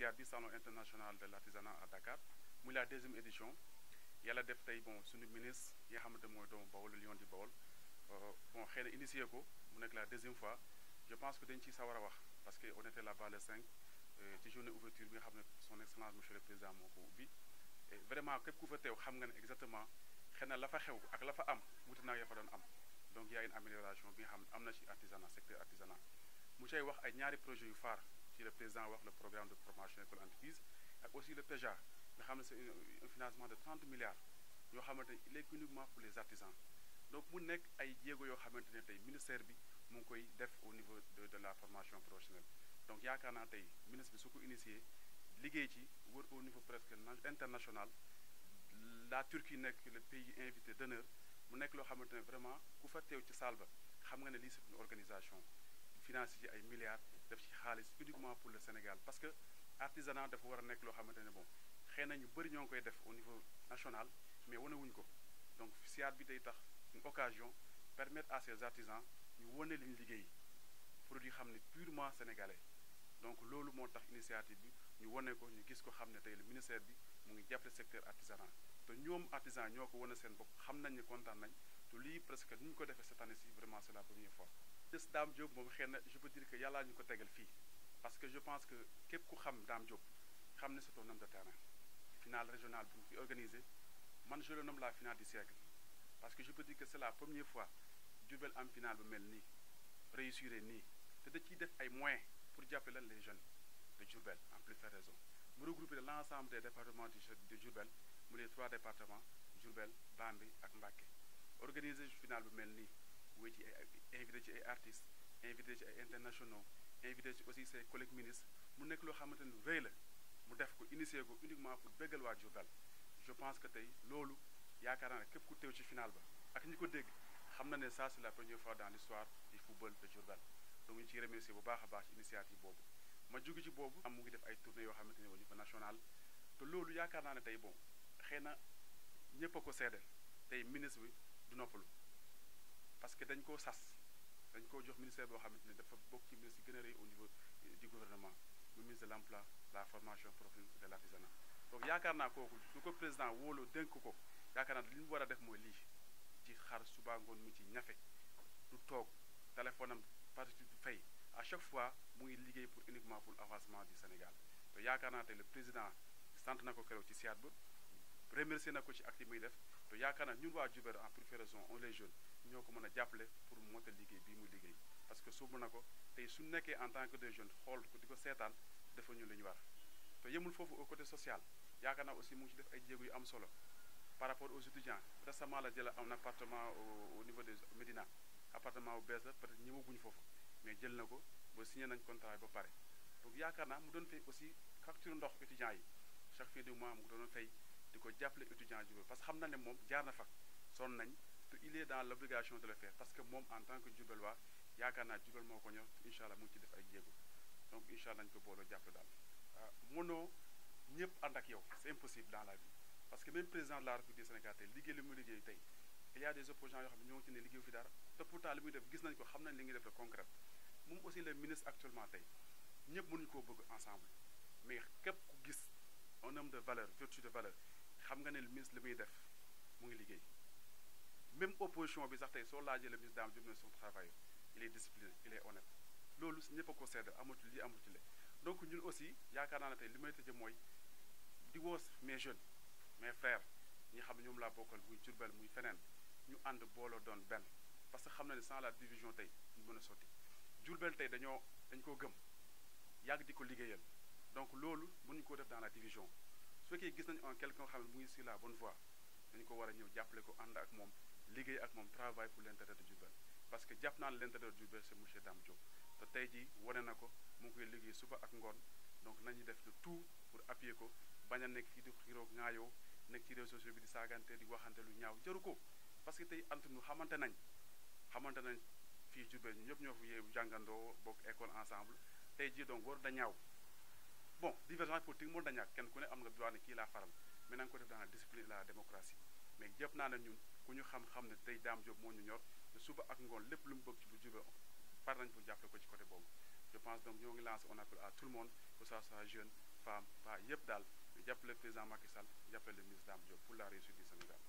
CIA bi salon international de l' artisanat à Dakar muy la deuxième édition yàlla def tey bon suñu ministre yi nga xamante mooy doomu Bawol Lion di Bawol euh, bon xëy initié ko mu nekk la deuxième fois je pense que dañ ci sawar a wax parce que on était bas le 5 euh, ci journée ouverture bi nga xam ne son excellence monsieur le président moo ko ubbi et vraiment képp ku fa teew xam nga ne exactement xëy na la fa xew ak la fa am wuute naa ya fa doon am donc y a une amélioration bi nga xam ne am na ci artisanat secteur artisanat mu cay wax ay ñaari projet yu ci président wax le programme de formation école entreprise ak aussi le PEJA nga xam ne c'est un financement de 30 milliards yoo xamante ne il est uniquement pour les artisans donc mu nekk ay jéego yoo xamante ne tey ministère bi mu ngi koy def au niveau de de la formation professionnelle donc yaakaar naa tey ministre bi su ko initié liggéey ci wër au niveau presque international la Turquie nekk le pays invité d'honneur mu nekk loo xamante ne vraiment ku fa ci salle ba xam nga ne lii c'est organisation financé ci ay milliards def ci xaalis uniquement pour le Sénégal parce que artisanat dafa war a nekk loo xamante ne bon xee na ñu bëri ñoo ngi koy def au niveau national mais wanewuñ ko donc SIAD bi day tax une occasion permettre à ces artisans ñu wane li ñu liggéey produit xam ne purement sénégalais donc loolu moo tax initiative bi ñu wane ko ñu gis ko xam ne tey le ministère bi mu ngi jàppale secteur artisanal te ñoom artisan ñoo ko wane seen bopp xam nañ ne kontaan nañ te lii defee cette année ci des Dame Diop moom xëy na je peux dire que yàllaa ñu ko tegal fii parce que je pense que képp ku xam Dame Diop xam ne c'est un homme de terrain finale régionale bu mu fi organisé man je le nomme la finale du siècle parce que je peux dire que c'est la première fois Diourbel am finale bu mel nii réussir nii te da ciy def ay moyens pour jàppale leen les jeunes de Diourbel en plus faire raison mu regroupé l'ensemble des départements de Diourbel mu les trois départements Diourbel ak Mbacké organiser finale bu mel nii artistes invité ci ay internationaux invité ci aussi ses collègues ministres mu nekk loo xamante ni rëy la mu def ko initier ko uniquement pour béggal waa Diourbel je pense que tey loolu yaakaar naa ne képp ku teew ci final ba ak ñi ko dégg xam na ne ça c'est la première fois dans l'histoire du football de Diourbel donc ñu ciy remercier bu baax a baax ci initiative boobu ma jóge ci boobu am mu ngi def ay tournées yoo xamante ne au niveau national te loolu yaakaar ne tey bon xëy na ñëpp a ko seede tey ministre bi du noppalu dañ koo jox ministère boo xamante ne dafa bokk ci ministre gën a rëy au niveau du gouvernement mu ministre de l' emploi la formation professionnelle de l' artisanat donc yaakaar naa kooku su ko président wóolu dénk ko yaakaar naa li mu war a def mooy lii ci xar suba ngoon mu ci ñafe du toog téléphone am parce que fay à chaque fois muy liggéey pour uniquement pour avancement du Sénégal te yaakaar naa te le président sante na ko keroog ci siyaat ba remercier na ko ci acte yi muy def te yaakaar naa ñun waa Diourbel en préfération on les jeunes ñoo ko mën a jàppale pour motal liggéey bii muy liggéey parce que sumb na ko tey su nekkee en tant que des jeunes xool ko di ko seetaan dafa ñu lu ñu war te yemul foofu au côté social yaakaar naa aussi mu ngi ci def ay jéego yu am solo par rapport aux étudiants récemment la jël un appartement au niveau de Médina appartement bu bees la peut être ñëwaguñu foofu mais jël na ko ba signé nañ contrat ba pare donc yaakaar naa mu doon fay aussi facture ndox étudiants yi chaque fin de mois mu di ko jàppale étudiants yi parce que xam na ne moom jaar na fa sonn nañ il est dans l'obligation de le faire parce que moom en tant que Diourbellois yaakaar naa Diourbel moo ko ñor incha allah mu ngi ci def ay jéego donc incha allah nañu ko booloo jàppale daal euh, mënoo ñëpp ànd ak yow c'est impossible dans la vie parce que même président de la République du Sénégal tey liggéey li mu liggéey tey il y a des opposants yoo xam ne ñoo ngi ci li muy def gis nañ ko xam nañ li ngi def le concret moom aussi le ministre actuellement tey ñëpp koo bëgg ensemble mais képp ku gis un homme de valeur vertu de valeur xam nga ne le ministre muy def mu ngi liggéey même opposition bi sax tey soo laajee le ministre Dame Diop ne son travail il est discipliné il est honnête loolu si ñëpp a ko sedd amatu lii amatu le donc ñun aussi yaakaar naa ne tey li may tëjee mooy di woos mais jeunes mes frères ñi xam ne ñoom laa bokkal muy Diourbel muy feneen ñu ànd booloo doon benn parce que xam na ne sans la division tey ñu mën a sotti Diourbel tey dañoo dañ koo gëm yàgg di ko liggéeyal donc loolu mën mënuñu ko def dans la division su fekkee gis nañu en quelqu'un xam mu ngi sur la bonne voie dañu ko war a ñëw jàppale ko ànd ak moom liggéey ak moom travail pour l'intérêt de Diourbel parce que jàpp naa ne l'intérêt de Diourbel c'est monsieur Dame Diop te tey jii wane na ko mu ngi liggéey suba ak ngoon donc nañu def le tout pour appuyer ko bañ a nekk fii di xiiroo ŋaayoo nekk ci réseaux sociaux bi di saagante di waxante lu ñaaw jëru ko parce que tey antu nu xamante nañ xamante nañ fii Diourbel ñu ñëpp ñoo fi yeewu jàngandoo bokk école ensemble tey jii donc war da ñaaw bon divergence politique moo da kenn ku ne am nga ne kii laa faral mais na nga ko def dans la discipline mais jëpp naa ne ñun ku ñu xam-xam ne tey daam Diop moo ñu ñor te suba ak ngoon lépp lu mu bëgg ci bu jubee par nañ pour jàppale ko ci côté boobu je pense donc ñoo ngi lancé on appelle à tout le monde que ça soit jeune femme pas yëpp daal ñu jàppale président Macky Sall jàppale le ministre Dame Diop pour la réussite du Sénégal